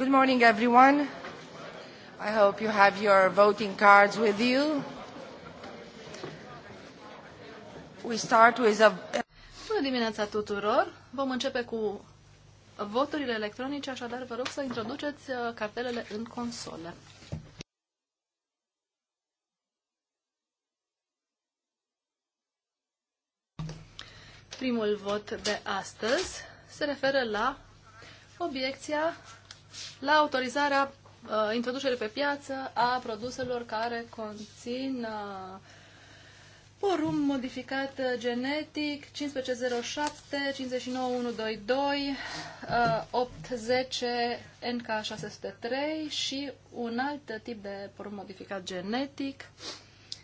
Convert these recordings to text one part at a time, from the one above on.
Good morning, everyone. I hope you have your voting cards with you. We start with a... Bună dimineața tuturor! Vom începe cu voturile electronice, așadar vă rog să introduceți uh, cartelele în console. Primul vot de astăzi se referă la obiecția la autorizarea uh, introducerii pe piață a produselor care conțin uh, modificat uh, genetic 1507, 59122, uh, 810 NK603 și un alt tip de porumb modificat genetic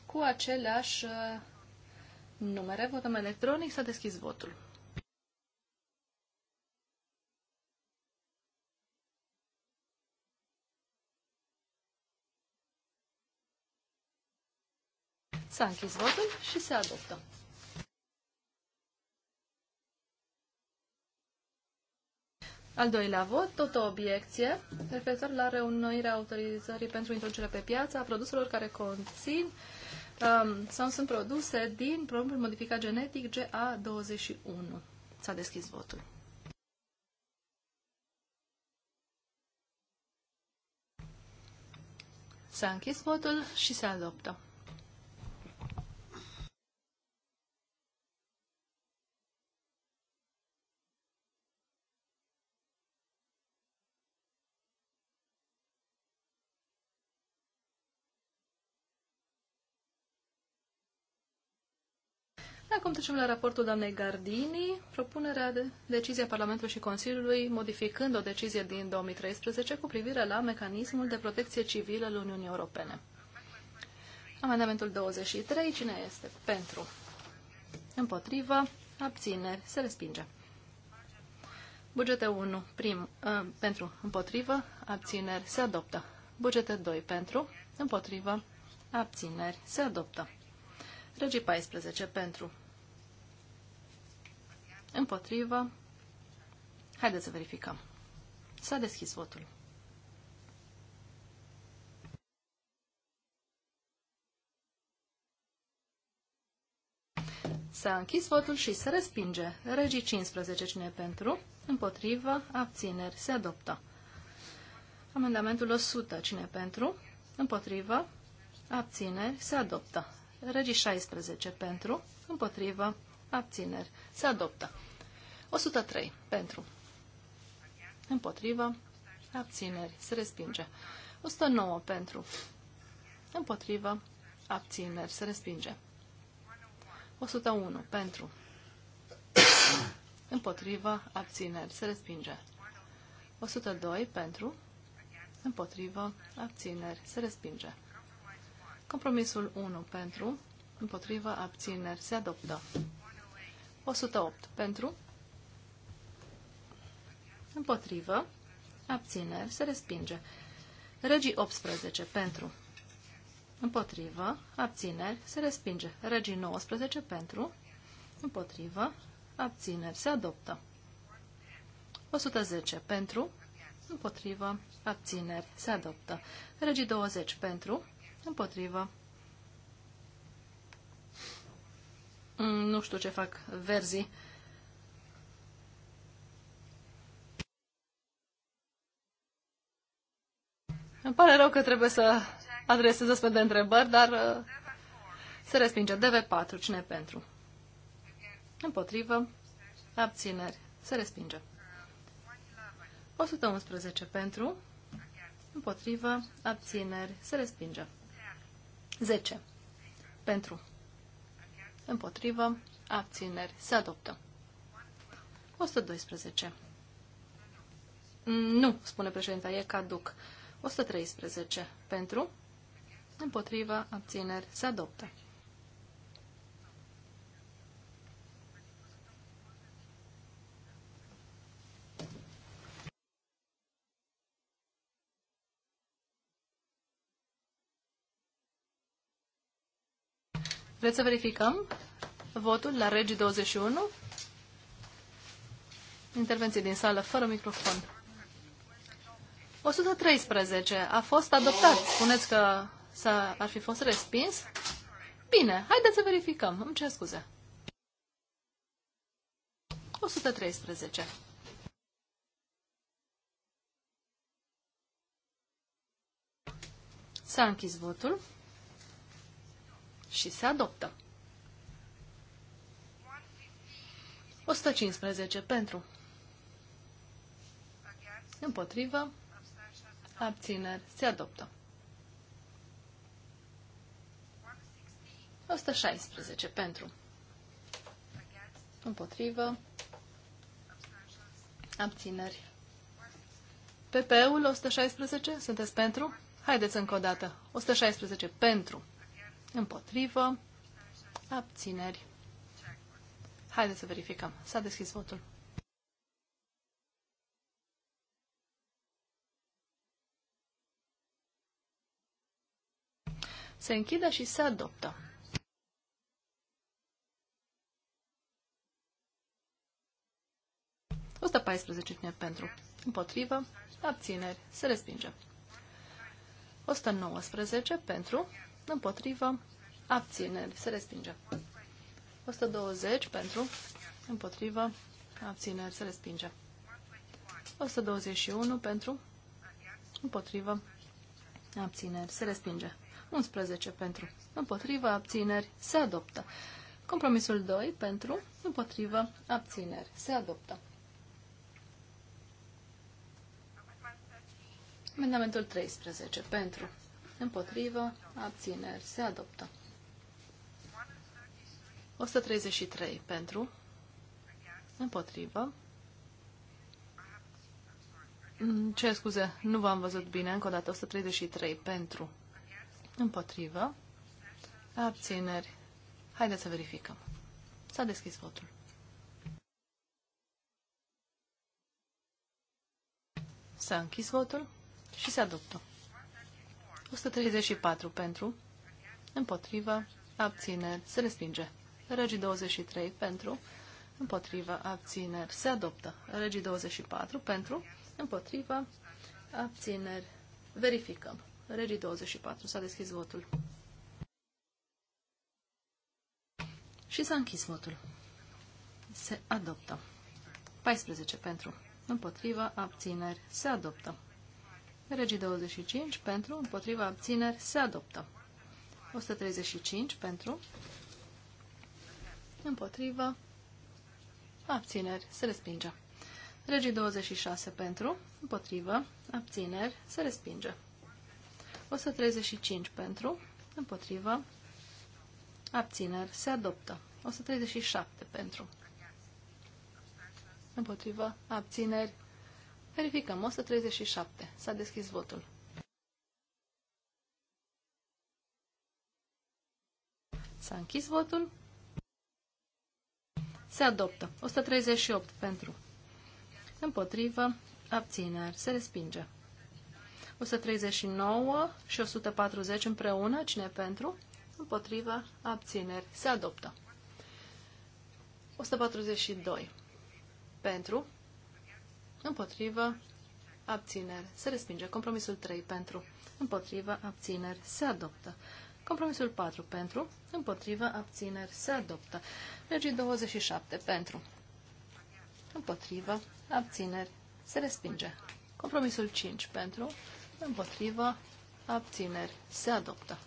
cu aceleași uh, numere. Votăm electronic, s-a deschis votul. S-a închis votul și se adoptă. Al doilea vot, tot o obiecție, referitor la reunirea autorizării pentru introducerea pe piață a produselor care conțin um, sau sunt produse din produsul modificat genetic GA21. S-a deschis votul. S-a închis votul și se adoptă. Acum trecem la raportul doamnei Gardini, propunerea de decizie a Parlamentului și Consiliului modificând o decizie din 2013 cu privire la mecanismul de protecție civilă al Uniunii Europene. Amendamentul 23, cine este pentru? Împotrivă, abțineri, se respinge. Bugete 1, prim, uh, pentru, împotrivă, abțineri, se adoptă. Bugete 2, pentru, împotrivă, abțineri, se adoptă. Regii 14 pentru, împotrivă. Haideți să verificăm. S-a deschis votul. S-a închis votul și se respinge. Regii 15 cine pentru, împotrivă, abțineri, se adoptă. Amendamentul 100 cine pentru, împotrivă, abțineri, se adoptă. Regii 16 pentru, împotrivă, abțineri, se adoptă. 103 pentru, împotrivă, abțineri, se respinge. 109 pentru, împotrivă, abțineri, se respinge. 101 pentru, împotrivă, abțineri, se respinge. 102 pentru, împotrivă, abțineri, se respinge. Compromisul 1 pentru, împotrivă, abțineri, se adoptă. 108 pentru, împotrivă, abțineri, se respinge. Regii 18 pentru, împotrivă, abțineri, se respinge. Regii 19 pentru, împotrivă, abțineri, se adoptă. 110 pentru, împotrivă, abțineri, se adoptă. Regii 20 pentru, împotrivă, Mm, nu știu ce fac verzii. Îmi pare rău că trebuie să adresez astfel de întrebări, dar uh, se respinge. DV4, cine pentru? Împotrivă, abțineri, se respinge. 111 pentru, împotrivă, abțineri, se respinge. 10 pentru, împotrivă, abțineri, se adoptă. 112. Nu, spune președinta, e caduc. 113. Pentru, împotrivă, abțineri, se adoptă. Vreți să verificăm votul la Regi 21? Intervenție din sală, fără microfon. 113. A fost adoptat. Spuneți că a ar fi fost respins? Bine, haideți să verificăm. Îmi cer scuze. 113. S-a închis votul și se adoptă. 115 pentru. Împotrivă. Abțineri. Se adoptă. 116 pentru. Împotrivă. Abțineri. PP-ul 116? Sunteți pentru? Haideți încă o dată. 116 pentru împotrivă, abțineri. Haideți să verificăm. S-a deschis votul. Se închide și se adoptă. Osta 14 cine pentru. Împotrivă, abțineri, se respinge. 119 pentru, împotrivă, abțineri, se respinge. 120 pentru, împotrivă, abțineri, se respinge. 121 pentru, împotrivă, abțineri, se respinge. 11 pentru, împotrivă, abțineri, se adoptă. Compromisul 2 pentru, împotrivă, abțineri, se adoptă. Amendamentul 13 pentru, împotrivă, abțineri, se adoptă. 133 pentru, împotrivă. Mm, ce scuze, nu v-am văzut bine, încă o dată, 133 pentru, împotrivă, abțineri. Haideți să verificăm. S-a deschis votul. S-a închis votul și se adoptă. 134 pentru, împotrivă, abțineri, se respinge. Regii 23 pentru, împotrivă, abțineri, se adoptă. Regii 24 pentru, împotrivă, abțineri, verificăm. Regii 24, s-a deschis votul. Și s-a închis votul. Se adoptă. 14 pentru, împotrivă, abțineri, se adoptă. Regii 25 pentru, împotriva abțineri se adoptă. 135 pentru, împotriva abțineri se respinge. Regii 26 pentru, împotriva abțineri, se respinge. 135 pentru, împotriva abțineri, se adoptă. 137 pentru, împotriva abțineri, Verificăm. 137. S-a deschis votul. S-a închis votul. Se adoptă. 138 pentru. Împotrivă. Abțineri. Se respinge. 139 și 140 împreună. Cine pentru? Împotrivă. Abțineri. Se adoptă. 142. Pentru împotrivă, abțineri, se respinge. Compromisul 3 pentru, împotrivă, abțineri, se adoptă. Compromisul 4 pentru, împotrivă, abțineri, se adoptă. Legii 27 pentru, împotrivă, abțineri, se respinge. Compromisul 5 pentru, împotrivă, abțineri, se adoptă.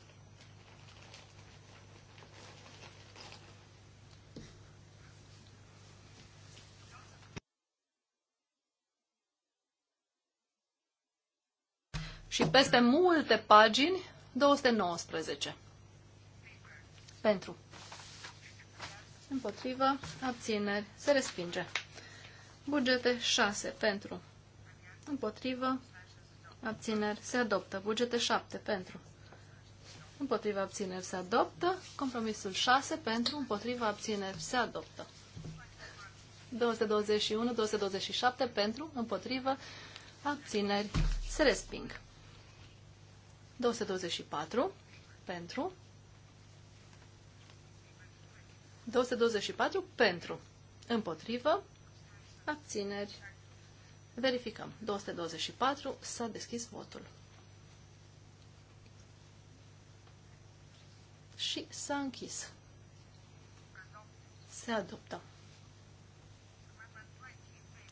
și peste multe pagini, 219. Pentru. Împotrivă, abțineri, se respinge. Bugete 6, pentru. Împotrivă, abțineri, se adoptă. Bugete 7, pentru. Împotriva abțineri se adoptă. Compromisul 6 pentru împotriva abțineri se adoptă. 221-227 pentru împotriva abțineri se resping. 224 pentru. 224 pentru. Împotrivă. Abțineri. Verificăm. 224 s-a deschis votul. Și s-a închis. Se adoptă.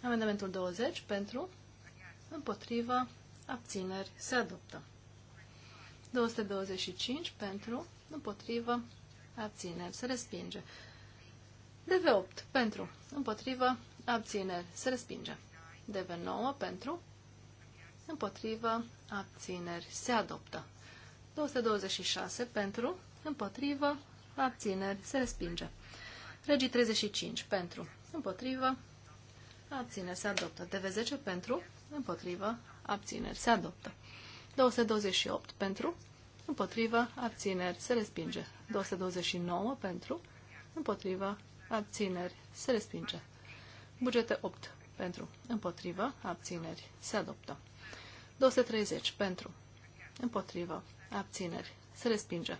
Amendamentul 20 pentru, împotrivă, abțineri, se adoptă. 225 pentru, împotrivă, abțineri, se respinge. DV8 pentru, împotrivă, abțineri, se respinge. DV9 pentru, împotrivă, abțineri, se adoptă. 226 pentru, împotrivă, abțineri, se respinge. Regii 35 pentru, împotrivă, abțineri, se adoptă. DV10 pentru, împotrivă, abțineri, se adoptă. 228 pentru, împotrivă, abțineri, se respinge. 229 pentru, împotrivă, abțineri, se respinge. Bugete 8 pentru, împotrivă, abțineri, se adoptă. 230 pentru, împotrivă, abțineri, se respinge.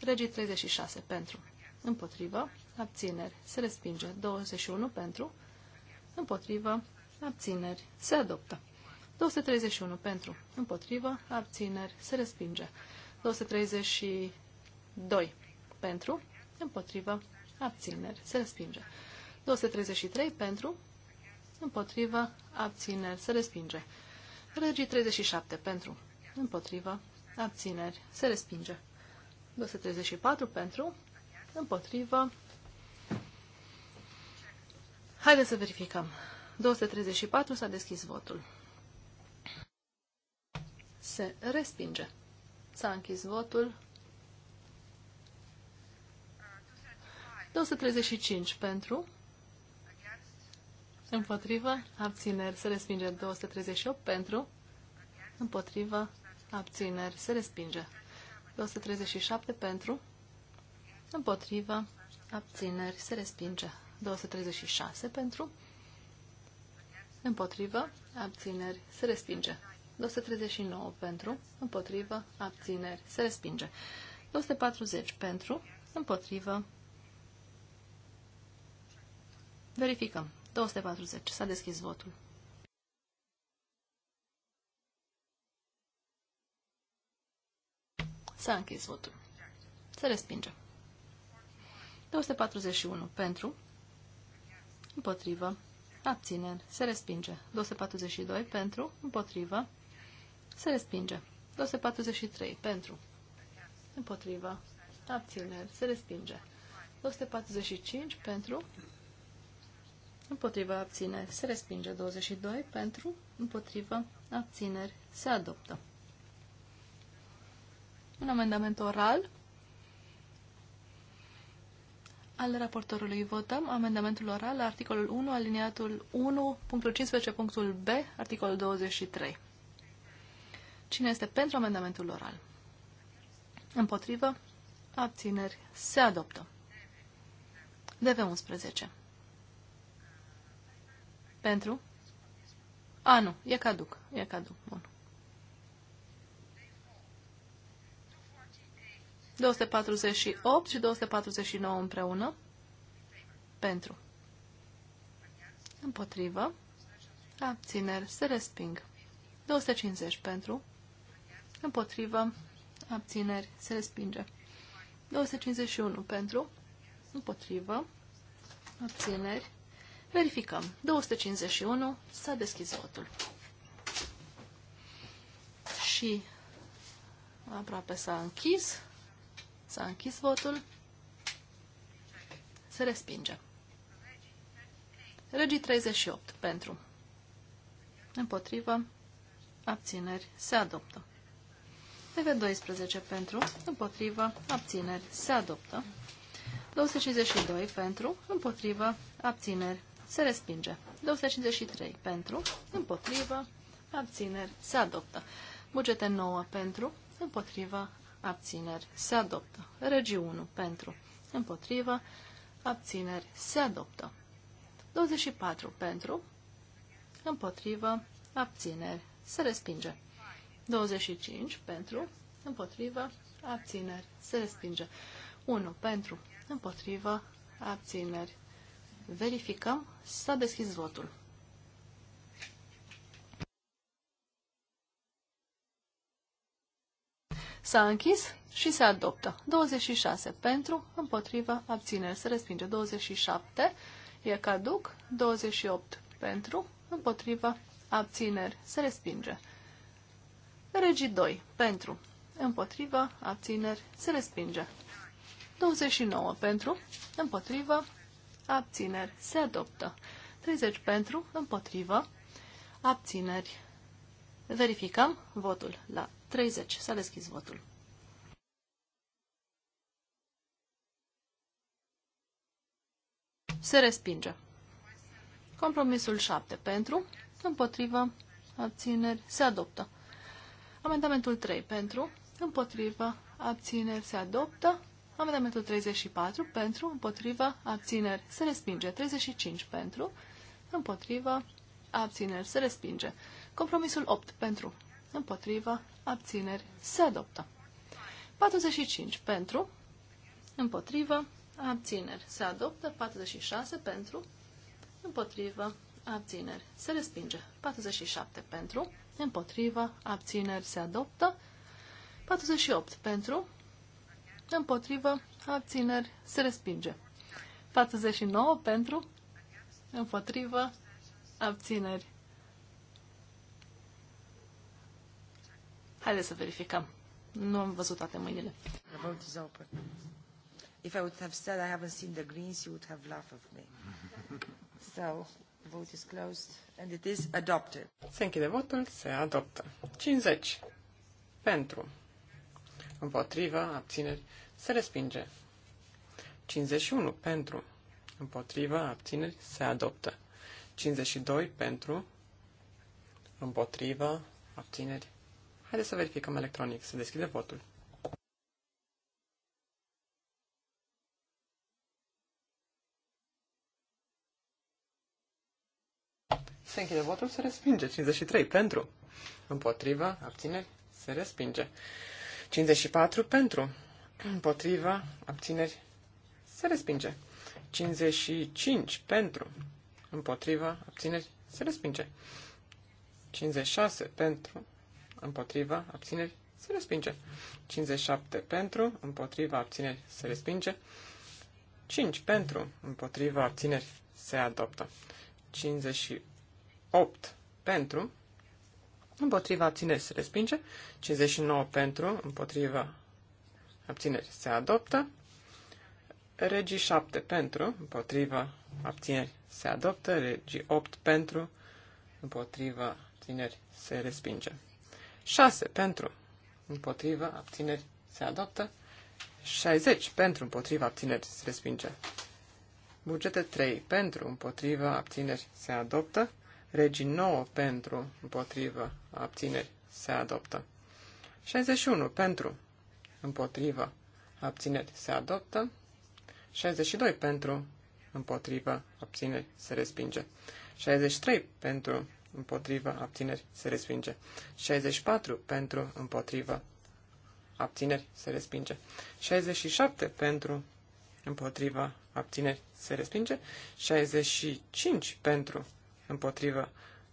Regii 36 pentru, împotrivă, abțineri, se respinge. 21 pentru, împotrivă, abțineri, se adoptă. 231 pentru, împotrivă, abțineri, se respinge. 232 pentru, împotrivă, abțineri, se respinge. 233 pentru, împotrivă, abțineri, se respinge. Regii 37 pentru, împotrivă, abțineri, se respinge. 234 pentru, împotrivă. Haideți să verificăm. 234 s-a deschis votul se respinge. S-a închis votul. 235 pentru, împotrivă, abțineri, se respinge. 238 pentru, împotrivă, abțineri, se respinge. 237 pentru, împotrivă, abțineri, se respinge. 236 pentru, împotrivă, abțineri, se respinge. 239 pentru, împotrivă, abțineri, se respinge. 240 pentru, împotrivă, verificăm. 240, s-a deschis votul. S-a închis votul. Se respinge. 241 pentru, împotrivă, abțineri, se respinge. 242 pentru, împotrivă, se respinge. 243. Pentru. Împotrivă. Abțineri. Se respinge. 245. Pentru. Împotriva abțineri. Se respinge 22 pentru, împotriva abțineri. Se adoptă. Un amendament oral al raportorului. Votăm amendamentul oral la articolul 1, aliniatul 1, punctul 15, punctul B, articolul 23. Cine este pentru amendamentul oral? Împotrivă? Abțineri. Se adoptă. DV11. Pentru? A, nu. E caduc. E caduc. Bun. 248 și 249 împreună. Pentru. Împotrivă. Abțineri. Se resping. 250 pentru împotrivă, abțineri, se respinge. 251 pentru, împotrivă, abțineri, verificăm. 251, s-a deschis votul. Și aproape s-a închis, s-a închis votul, se respinge. Regii 38 pentru, împotrivă, abțineri, se adoptă. DV12 pentru, împotrivă, abțineri, se adoptă. 252 pentru, împotrivă, abțineri, se respinge. 253 pentru, împotrivă, abțineri, se adoptă. Bugete 9 pentru, împotrivă, abțineri, se adoptă. Regi 1 pentru, împotrivă, abțineri, se adoptă. 24 pentru, împotrivă, abțineri, se respinge. 25 pentru, împotrivă, abțineri, se respinge. 1 pentru, împotrivă, abțineri. Verificăm, s-a deschis votul. S-a închis și se adoptă. 26 pentru, împotrivă, abțineri, se respinge. 27 e caduc, 28 pentru, împotrivă, abțineri, se respinge. Regii 2. Pentru. Împotrivă. Abțineri. Se respinge. 29. Pentru. Împotrivă. Abțineri. Se adoptă. 30. Pentru. Împotrivă. Abțineri. Verificăm votul la 30. S-a deschis votul. Se respinge. Compromisul 7 pentru, împotrivă, abțineri, se adoptă. Amendamentul 3 pentru, împotrivă, abțineri se adoptă. Amendamentul 34 pentru, împotrivă, abțineri se respinge. 35 pentru, împotrivă, abțineri se respinge. Compromisul 8 pentru, împotrivă, abțineri se adoptă. 45 pentru, împotrivă, abțineri se adoptă. 46 pentru, împotrivă, abțineri se respinge. 47 pentru, împotrivă, abțineri se adoptă. 48 pentru, împotrivă, abțineri se respinge. 49 pentru, împotrivă, abțineri. Haideți să verificăm. Nu am văzut toate mâinile. If I would have said I haven't seen the greens, you would have laughed at me. So, Vote is closed and it is adopted. Se închide votul, se adoptă. 50. Pentru. Împotrivă, abțineri, se respinge. 51. Pentru. Împotrivă, abțineri, se adoptă. 52. Pentru. Împotrivă, abțineri. Haideți să verificăm electronic. Se deschide votul. Se închide votul, se respinge. 53 pentru. Împotriva. abțineri, se respinge. 54 pentru. Împotriva. abțineri, se respinge. 55 pentru. Împotriva. abțineri, se respinge. 56 pentru. Împotriva. abțineri, se respinge. 57 pentru, împotriva abțineri, se respinge. 5 pentru, împotriva abțineri, se adoptă. 58 8 pentru, împotriva abțineri se respinge, 59 pentru, împotriva abțineri se adoptă, regii 7 pentru, împotriva abțineri se adoptă, regii 8 pentru, împotriva abțineri se respinge, 6 pentru, împotriva abțineri se adoptă, 60 pentru, împotriva abțineri se respinge. Bugete 3 pentru, împotriva abțineri se adoptă, Regii nouă pentru, împotrivă, abțineri, se adoptă. 61 pentru, împotrivă, abțineri, se adoptă. 62 pentru, împotrivă, abțineri, se respinge. 63 pentru, împotrivă, abțineri, se respinge. 64 pentru, împotrivă, abțineri, se respinge. 67 pentru, împotrivă, abțineri, se respinge. 65 pentru, împotrivă,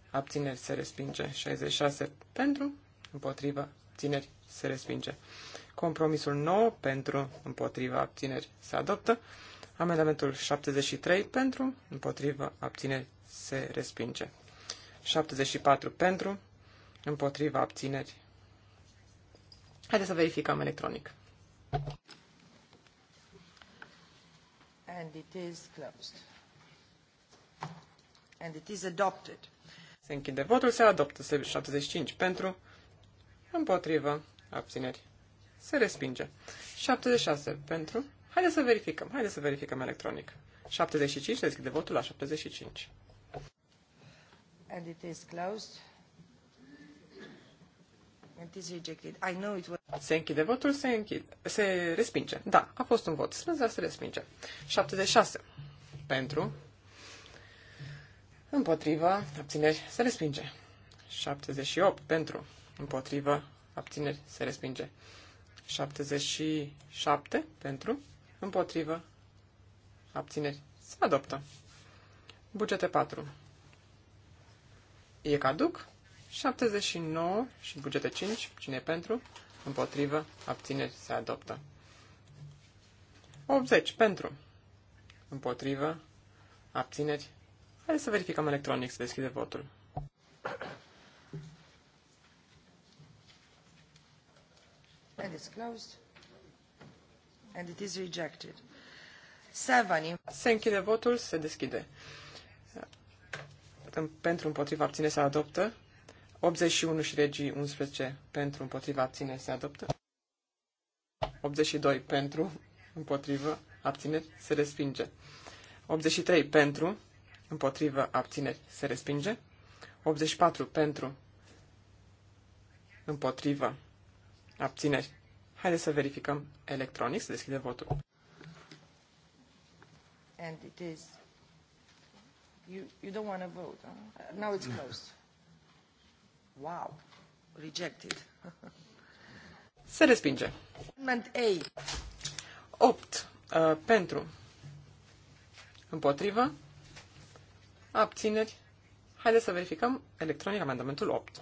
abțineri se respinge. 66 pentru, împotrivă, abțineri se respinge. Compromisul 9 pentru, împotrivă, abțineri se adoptă. Amendamentul 73 pentru, împotrivă, abțineri se respinge. 74 pentru, împotrivă, abțineri. Haideți să verificăm electronic. And it is closed and it is adopted. Se închide votul, se adoptă 75 pentru, împotrivă, abțineri. Se respinge. 76 pentru. Haideți să verificăm, haideți să verificăm electronic. 75, se deschide votul la 75. And it is closed. It is rejected. I know it was... Se închide votul, se, închide, se respinge. Da, a fost un vot strâns, dar se respinge. 76 pentru, Împotrivă, abțineri, se respinge. 78 pentru, împotrivă, abțineri, se respinge. 77 pentru, împotrivă, abțineri, se adoptă. Bugete 4. E caduc. 79 și bugete 5, cine e pentru, împotrivă, abțineri, se adoptă. 80 pentru, împotrivă, abțineri, Hai să verificăm electronic, să deschide votul. And it's closed. And it is rejected. Seven. Se închide votul, se deschide. Pentru împotriva abține se adoptă. 81 și regii 11 pentru împotriva abține se adoptă. 82 pentru împotriva abține se respinge. 83 pentru împotrivă, abțineri, se respinge. 84 pentru, împotrivă, abțineri. Haideți să verificăm electronic, să deschide votul. And it is... You, you don't want to vote, huh? Now it's closed. Wow. Rejected. se respinge. Amendment A. 8. Uh, pentru. Împotrivă. Abțineri. Haideți să verificăm electronic amendamentul 8.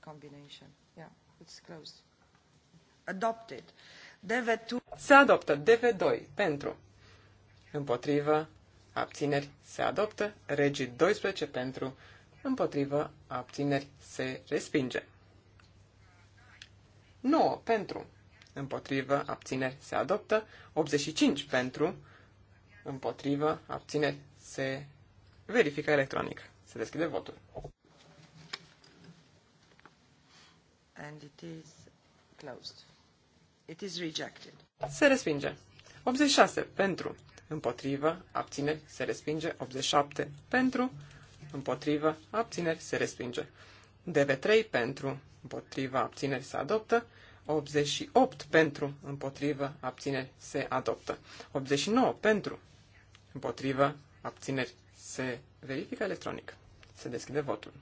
Combination. Yeah, it's closed. Adopted. DV2. Se adoptă. DV2. Pentru. Împotrivă. Abțineri. Se adoptă. Regii 12 pentru. Împotrivă. Abțineri. Se respinge. 9. Pentru împotrivă, abțineri, se adoptă. 85 pentru, împotrivă, abțineri, se verifică electronic. Se deschide votul. And it is closed. It is rejected. Se respinge. 86 pentru, împotrivă, abțineri, se respinge. 87 pentru, împotrivă, abțineri, se respinge. DV3 pentru, împotriva, abțineri, se adoptă. 88 pentru, împotrivă, abțineri, se adoptă. 89 pentru, împotrivă, abțineri, se verifică electronic. Se deschide votul.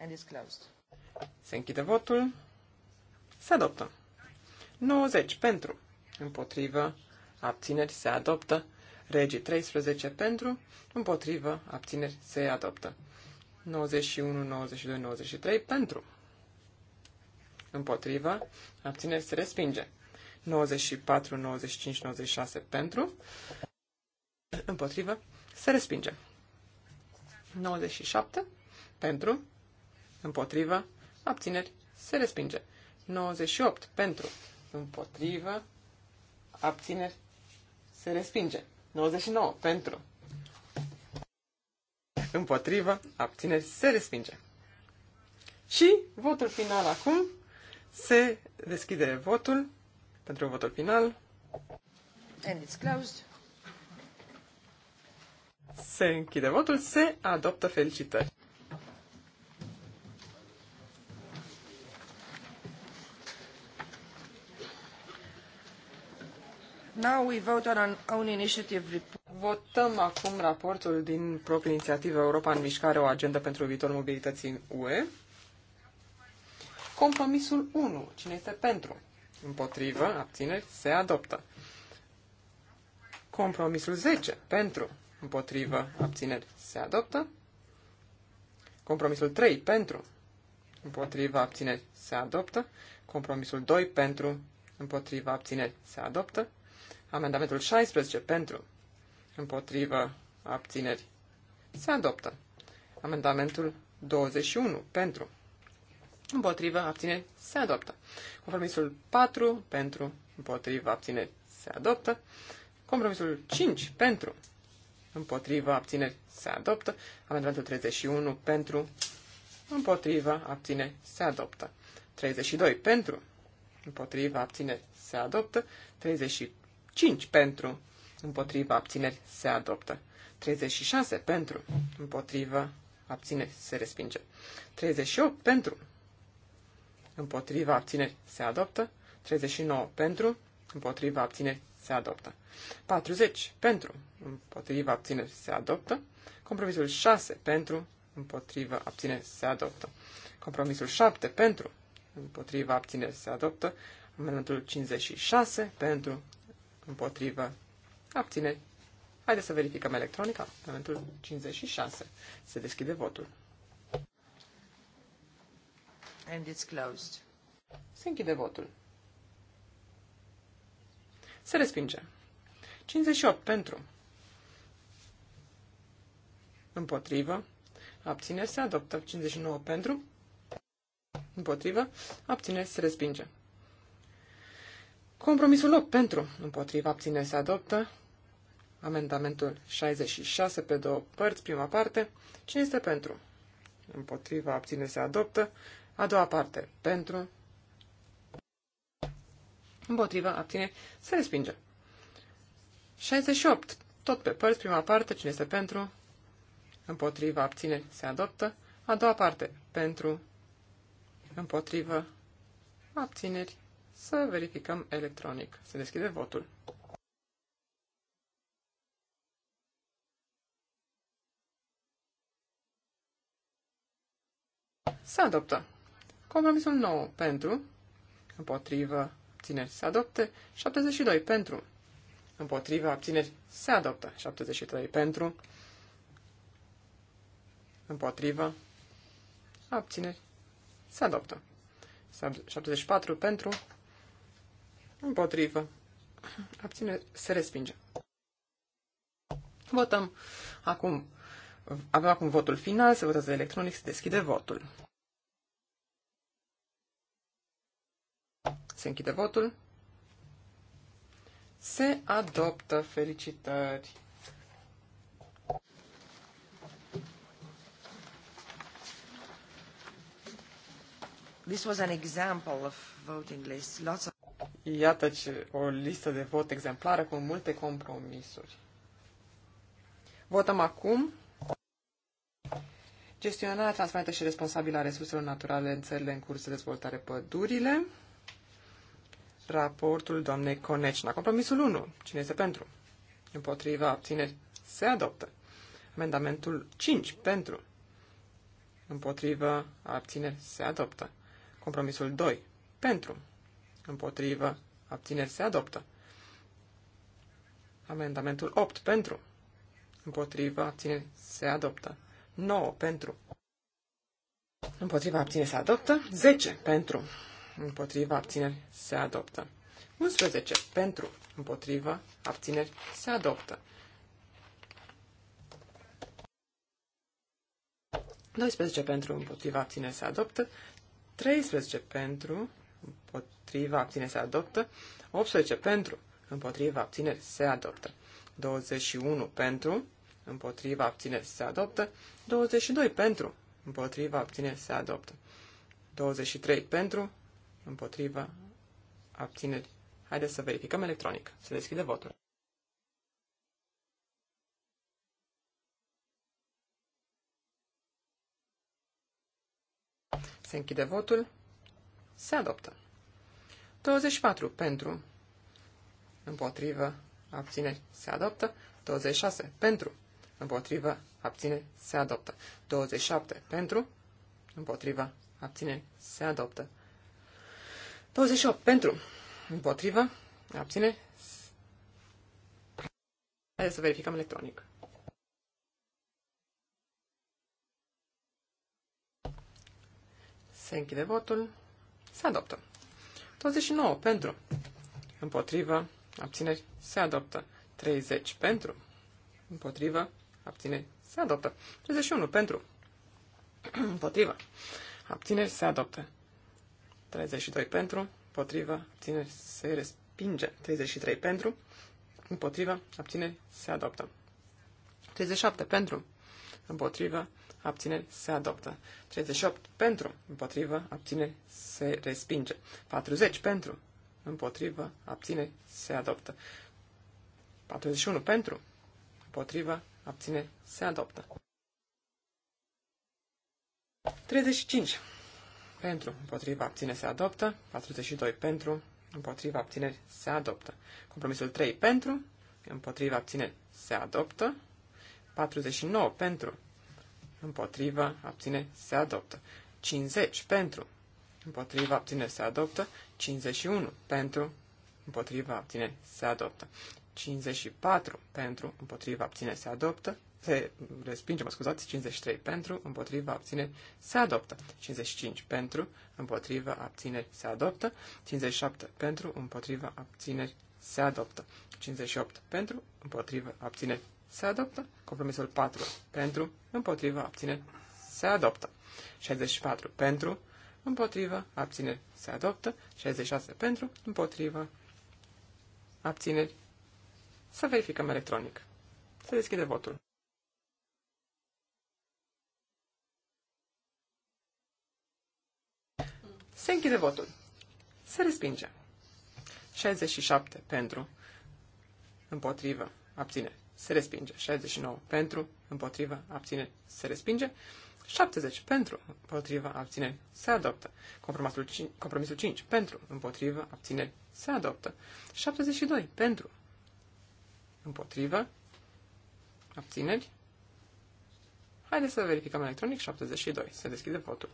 And is closed. Se închide votul. Se adoptă. 90 pentru, împotrivă, abțineri, se adoptă. Regii 13 pentru, împotrivă, abțineri, se adoptă. 91, 92, 93 pentru, împotrivă, abțineri se respinge. 94, 95, 96 pentru, împotrivă, se respinge. 97 pentru, împotrivă, abțineri se respinge. 98 pentru, împotrivă, abțineri se respinge. 99 pentru, împotrivă, abțineri se respinge. Și votul final acum. Se deschide votul pentru votul final. And it's closed. Se închide votul, se adoptă felicitări. Now we vote on an own initiative report. Votăm acum raportul din proprie inițiativă Europa în mișcare, o agendă pentru viitorul mobilității în UE. Compromisul 1. Cine este pentru? Împotrivă, abțineri, se adoptă. Compromisul 10. Pentru, împotrivă, abțineri, se adoptă. Compromisul 3. Pentru, împotriva abțineri se adoptă. Compromisul 2 pentru, împotriva abțineri se adoptă. Amendamentul 16 pentru, împotriva abțineri se adoptă. Amendamentul 21 pentru, împotrivă, abține, se adoptă. Compromisul 4, pentru, împotrivă, abține, se adoptă. Compromisul 5, pentru, împotrivă, abține, se adoptă. Amendamentul 31, pentru, împotrivă, abține, se adoptă. 32, pentru, împotrivă, abține, se adoptă. 35, pentru, împotrivă, abține, se adoptă. 36, pentru, împotrivă, abține, se respinge. 38, pentru, împotriva abțineri se adoptă, 39 pentru, împotriva abțineri se adoptă, 40 pentru, împotriva abțineri se adoptă, compromisul 6 pentru, împotriva abțineri se adoptă, compromisul 7 pentru, împotriva abțineri se adoptă, amendamentul 56 pentru, împotriva abțineri. Haideți să verificăm electronica. amendamentul 56. Se deschide votul. And it's closed. Se închide votul. Se respinge. 58 pentru. Împotrivă. Abțineri se adoptă. 59 pentru. Împotrivă. Abțineri se respinge. Compromisul 8 pentru. Împotrivă. Abțineri se adoptă. Amendamentul 66 pe două părți, prima parte. Cine este pentru? Împotriva abțineri se adoptă. A doua parte. Pentru. Împotrivă, abține, se respinge. 68. Tot pe părți, prima parte, cine este pentru? Împotrivă, abține, se adoptă. A doua parte. Pentru. Împotrivă, abțineri. Să verificăm electronic. Se deschide votul. Se adoptă. Compromisul 9 pentru, împotrivă, abțineri se adoptă. 72 pentru, împotrivă, abțineri se adoptă. 73 pentru, împotrivă, abțineri se adoptă. 74 pentru, împotrivă, abțineri se respinge. Votăm acum. Avem acum votul final, se votează electronic, se deschide votul. Se închide votul. Se adoptă. Felicitări! This was an example of voting list. Lots of... Iată ce, o listă de vot exemplară cu multe compromisuri. Votăm acum gestionarea transparentă și responsabilă a resurselor naturale în țările în curs de dezvoltare pădurile raportul doamnei Conecina. Compromisul 1. Cine este pentru? Împotriva abțineri se adoptă. Amendamentul 5. Pentru. Împotriva abțineri se adoptă. Compromisul 2. Pentru. Împotriva abțineri se adoptă. Amendamentul 8. Pentru. Împotriva abțineri se adoptă. 9. Pentru. Împotriva abțineri se adoptă. 10. Pentru împotriva, abțineri, se adoptă. 11. Pentru, împotriva, abțineri, se adoptă. 12 pentru, împotriva, abțineri se adoptă. 13 pentru, împotriva, abțineri se adoptă. 18 pentru, împotriva, abțineri se adoptă. 21 pentru, împotriva, abțineri se adoptă. 22 pentru, împotriva, abțineri se adoptă. 23 pentru, împotriva, abțineri. Haideți să verificăm electronic. Se deschide votul. Se închide votul. Se adoptă. 24 pentru, împotrivă, abțineri, se adoptă. 26 pentru, împotrivă, abțineri, se adoptă. 27 pentru, împotrivă, abțineri, se adoptă. 28 pentru. Împotrivă. Abține. Haideți să verificăm electronic. Se închide votul. Se adoptă. 29 pentru. Împotrivă. Abțineri. Se adoptă. 30 pentru. Împotrivă. Abțineri. Se adoptă. 31 pentru. Împotrivă. Abțineri. Se adoptă. 32 pentru, împotriva, abțineri, se respinge. 33 pentru, împotriva, abțineri, se adoptă. 37 pentru, împotriva, abțineri, se adoptă. 38 pentru, împotriva, abțineri, se respinge. 40 pentru, împotriva, abțineri, se adoptă. 41 pentru, împotriva, abțineri, se adoptă. 35 pentru, împotriva abține se adoptă, 42 pentru, împotriva abțineri se adoptă. Compromisul 3 pentru, împotriva abțineri se adoptă, 49 pentru, împotriva abține se adoptă, 50 pentru, împotriva abține se adoptă, 51 pentru, împotriva abține se adoptă, 54 pentru, împotriva abține se adoptă, se respinge, mă scuzați, 53 pentru, împotriva, abțineri, se adoptă. 55 pentru, împotriva, abțineri, se adoptă. 57 pentru, împotriva, abțineri, se adoptă. 58 pentru, împotriva, abțineri, se adoptă. Compromisul 4 pentru, împotriva, abțineri, se adoptă. 64 pentru, împotriva, abțineri, se adoptă. 66 pentru, împotriva, abțineri, să verificăm electronic. să deschide votul. Se închide votul. Se respinge. 67 pentru, împotrivă, abține, se respinge. 69 pentru, împotrivă, abține, se respinge. 70 pentru, împotrivă, abține, se adoptă. Compromisul 5, compromisul 5 pentru, împotrivă, abține, se adoptă. 72 pentru, împotrivă, abțineri. Haideți să verificăm electronic 72. Se deschide votul.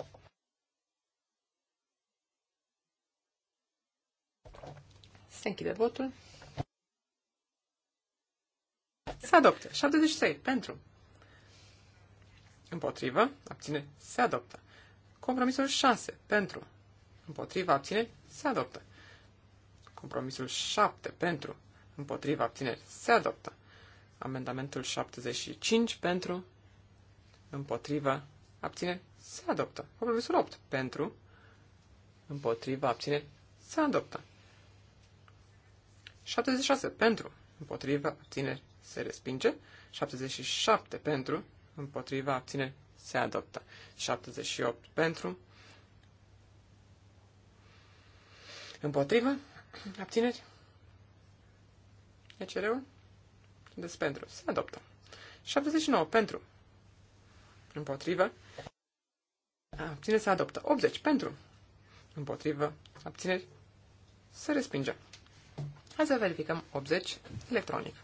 Se închide votul. Se adoptă. 73. Pentru. Împotrivă. Abține. Se adoptă. Compromisul 6. Pentru. Împotrivă. Abține. Se adoptă. Compromisul 7. Pentru. Împotrivă. Abține. Se adoptă. Amendamentul 75. Pentru. Împotrivă. Abține. Se adoptă. Compromisul 8. Pentru. Împotrivă. Abține. Se adoptă. 76 pentru, împotriva, abțineri, se respinge. 77 pentru, împotriva, abțineri, se adoptă. 78 pentru, împotriva, abțineri, e cereu, deci pentru, se adoptă. 79 pentru, împotriva, abțineri, se adoptă. 80 pentru, împotriva, abțineri, se respinge. Hai să verificăm 80 electronic.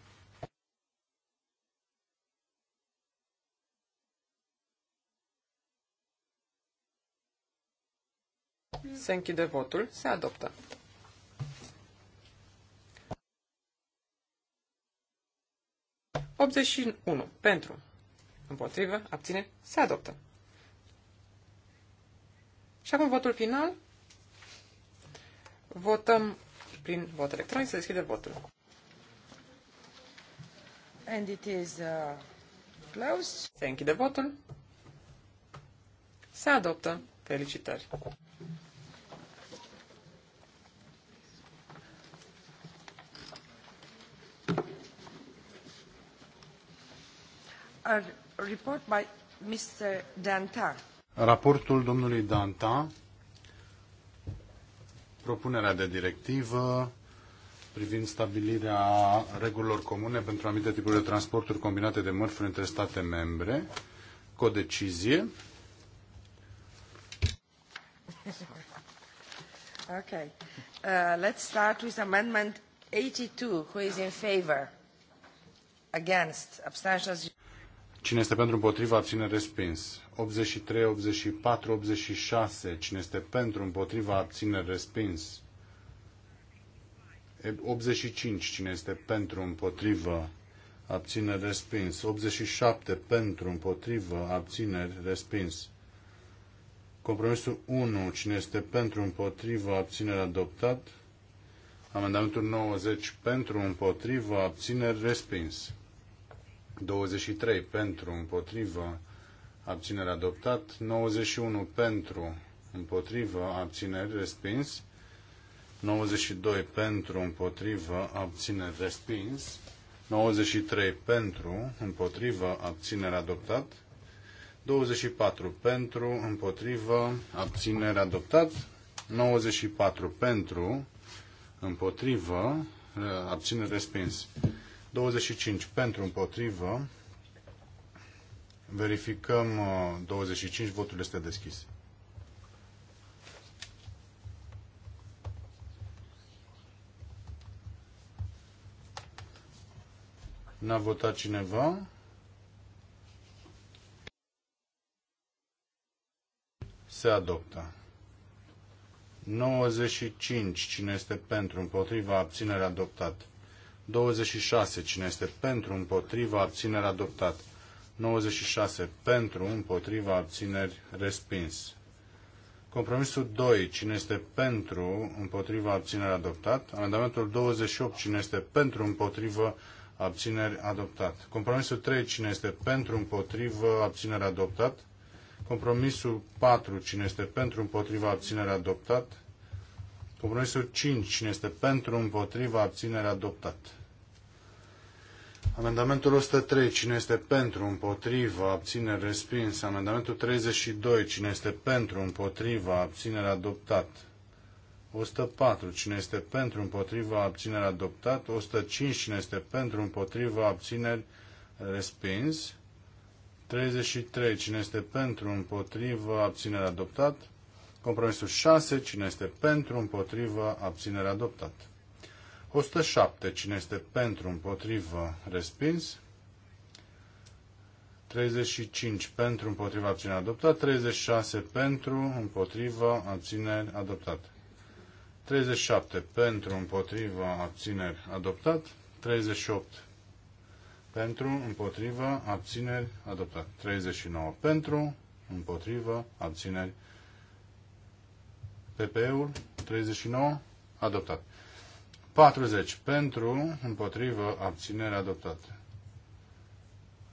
Se închide votul, se adoptă. unu Pentru. Împotrivă. Abține. Se adoptă. Și acum votul final. Votăm prin vot electronic. Se deschide votul. And it is uh, closed. Se închide votul. Se adoptă. Felicitări. A Report by Mr. Danta. Raportul domnului Danta propunerea de directivă privind stabilirea regulilor comune pentru anumite tipuri de transporturi combinate de mărfuri între state membre, codecizie. Okay. Uh, let's start with amendment 82. Who is in favor? Against? Abstentions? Cine este pentru împotriva, abține respins. 83, 84, 86. Cine este pentru împotriva, abține respins. 85. Cine este pentru împotriva, abține respins. 87. Pentru împotriva, abține respins. Compromisul 1. Cine este pentru împotriva, abține adoptat. Amendamentul 90. Pentru împotriva, abține respins. 23 pentru, împotrivă, abținere adoptat, 91 pentru, împotrivă, abțineri respins, 92 pentru, împotrivă, abțineri respins, 93 pentru, împotrivă, abținere adoptat, 24 pentru, împotrivă, abținere adoptat, 94 pentru, împotrivă, abținere respins. 25 pentru împotrivă. Verificăm 25, uh, votul este deschis. N-a votat cineva? Se adoptă. 95. Cine este pentru? Împotriva? Abținere adoptată. 26. Cine este pentru, împotriva, abțineri, adoptat. 96. Pentru, împotriva, abțineri, respins. Compromisul 2. Cine este pentru, împotriva, abțineri, adoptat. Amendamentul 28. Cine este pentru, împotriva, abțineri, adoptat. Compromisul 3. Cine este pentru, împotriva, abțineri, adoptat. Compromisul 4. Cine este pentru, împotriva, abținere adoptat. Compromisul 5. Cine este pentru, împotriva, abținere adoptat. Amendamentul 103, cine este pentru, împotrivă, abține, respins. Amendamentul 32, cine este pentru, împotrivă, abținere, adoptat. 104, cine este pentru, împotrivă, abținere, adoptat. 105, cine este pentru, împotrivă, abțineri, respins. 33, cine este pentru, împotrivă, abținere, adoptat. Compromisul 6, cine este pentru, împotrivă, abținere, adoptat. 107. Cine este pentru, împotrivă, respins. 35 pentru, împotriva, abține, adoptat. 36 pentru, împotriva, abțineri, adoptat. 37 pentru, împotriva, abțineri, adoptat. 38 pentru, împotriva, abțineri, adoptat. 39 pentru, împotriva, abțineri, PP-ul, 39, adoptat. 40 pentru, împotrivă, abținere adoptată.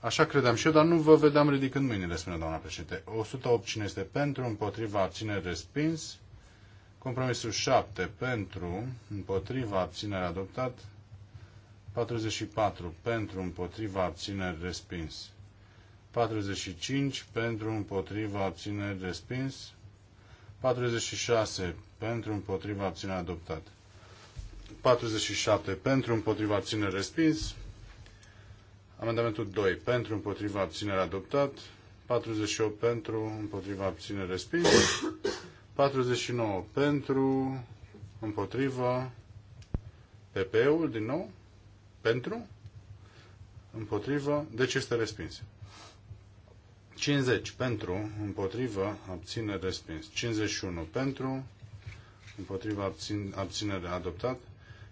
Așa credeam și eu, dar nu vă vedeam ridicând mâinile, spune doamna președinte. 108 cine este pentru, împotriva, abținere, respins. Compromisul 7 pentru, împotriva, abținere, adoptat. 44 pentru, împotriva, abținere, respins. 45 pentru, împotriva, abținere, respins. 46 pentru, împotriva, abținere, adoptat. 47 pentru, împotriva abținere respins. Amendamentul 2 pentru, împotriva abținere adoptat. 48 pentru, împotriva abținere respins. 49 pentru, împotriva PP-ul din nou, pentru, împotriva, deci este respins. 50 pentru, împotriva, abține respins. 51 pentru, împotriva abțin, adoptat,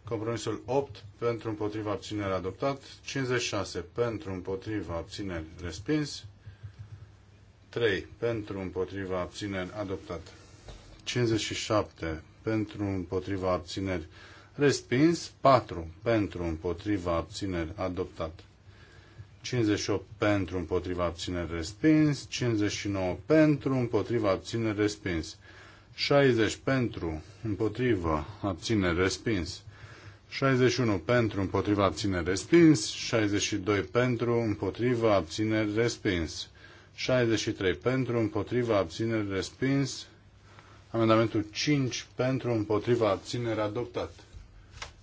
Compromisul 8 pentru împotriva abțineri adoptat. 56 pentru împotriva abțineri respins. 3 pentru împotriva abțineri adoptat. 57 pentru împotriva abțineri respins. 4 pentru împotriva abțineri adoptat. 58 pentru împotriva abțineri respins. 59 pentru împotriva abțineri respins. 60 pentru împotriva abțineri respins. 61 pentru, împotriva abțineri respins, 62 pentru, împotriva abțineri respins, 63 pentru, împotriva abțineri respins, amendamentul 5 pentru, împotriva abțineri adoptat,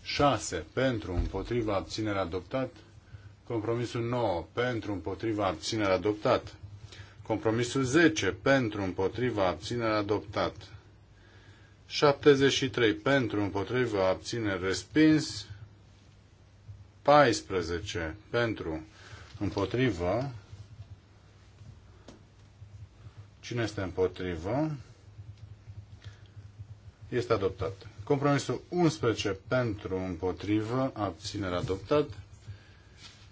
6 pentru, împotriva abțineri adoptat, compromisul 9 pentru, împotriva abțineri adoptat, compromisul 10 pentru, împotriva abțineri adoptat, 73 pentru, împotrivă, abține, respins. 14 pentru, împotrivă. Cine este împotrivă? Este adoptat. Compromisul 11 pentru, împotrivă, abținere adoptat.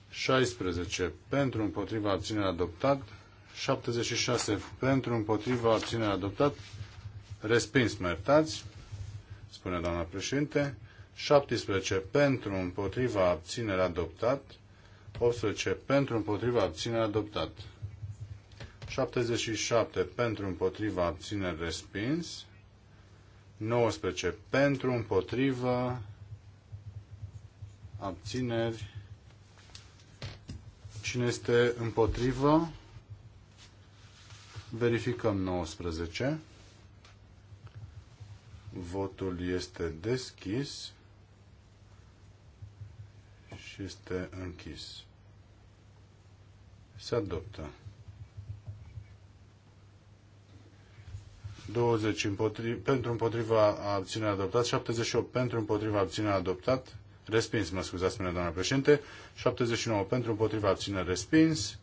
16 pentru, împotrivă, abținere adoptat. 76 pentru, împotrivă, abținere adoptat. Respins, mă iertați, spune doamna președinte. 17 pentru, împotriva, abținere, adoptat. 18 pentru, împotriva, abținere, adoptat. 77 pentru, împotriva, abținere, respins. 19 pentru, împotriva, abțineri. Cine este împotrivă? Verificăm 19. Votul este deschis și este închis. Se adoptă. 20 împotriva, pentru împotriva abține adoptat, 78 pentru împotriva abține adoptat, respins, mă scuzați, spune doamna președinte, 79 pentru împotriva abține respins,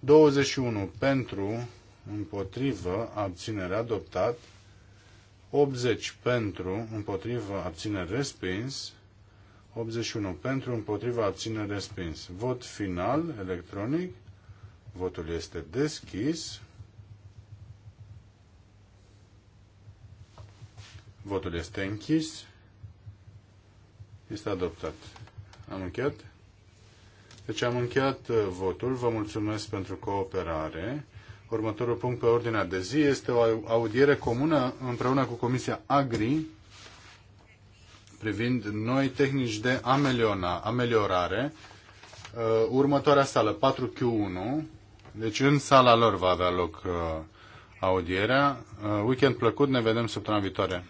21 pentru împotrivă abținere adoptat, 80 pentru, împotriva, abține respins. 81 pentru, împotriva, abține respins. Vot final, electronic. Votul este deschis. Votul este închis. Este adoptat. Am încheiat? Deci am încheiat uh, votul. Vă mulțumesc pentru cooperare. Următorul punct pe ordinea de zi este o audiere comună împreună cu Comisia Agri privind noi tehnici de ameliona, ameliorare. Uh, următoarea sală, 4Q1, deci în sala lor va avea loc uh, audierea. Uh, weekend plăcut, ne vedem săptămâna viitoare.